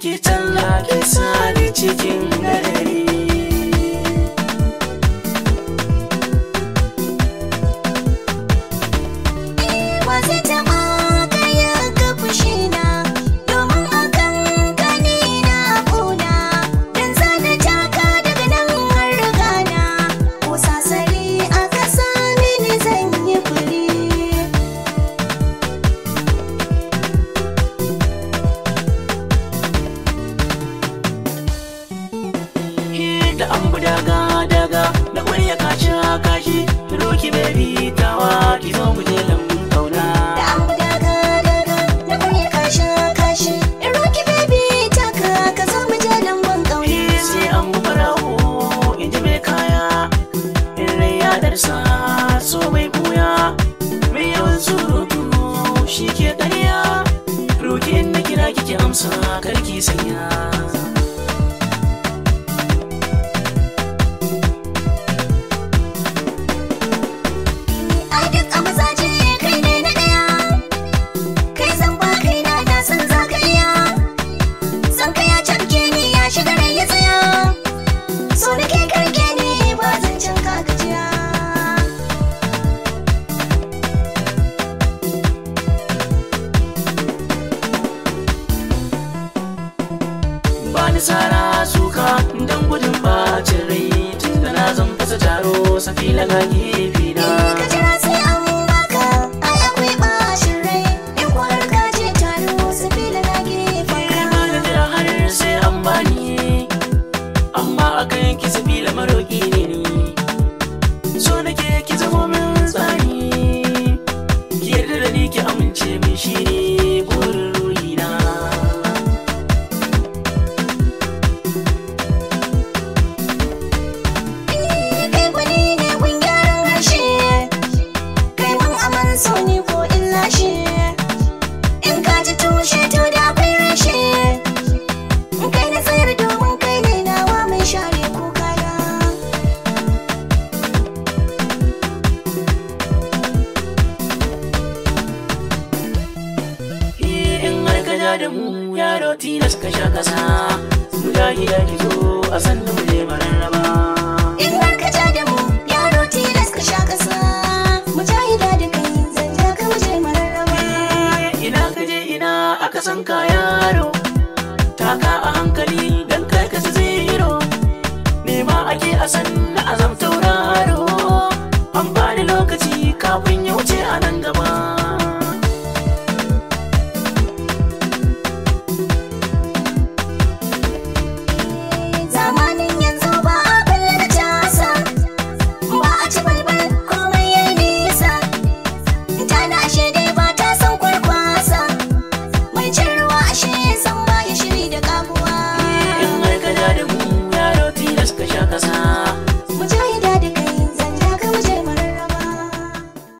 ki talla ki sani da an daga daga da ƙwarya kashi kashi roki bebi tawa ki zo mu je da roki ka zo mu je sai an barawo in kaya in rai ya mai yawan shi ke ɗariya. roki na kira kike amsa karki sanya sara suka don gudun bacin rai tun da na zan fasa taro safi na gefe da mu yaro tilas ka sha kasa mu ki zo a san mu mararraba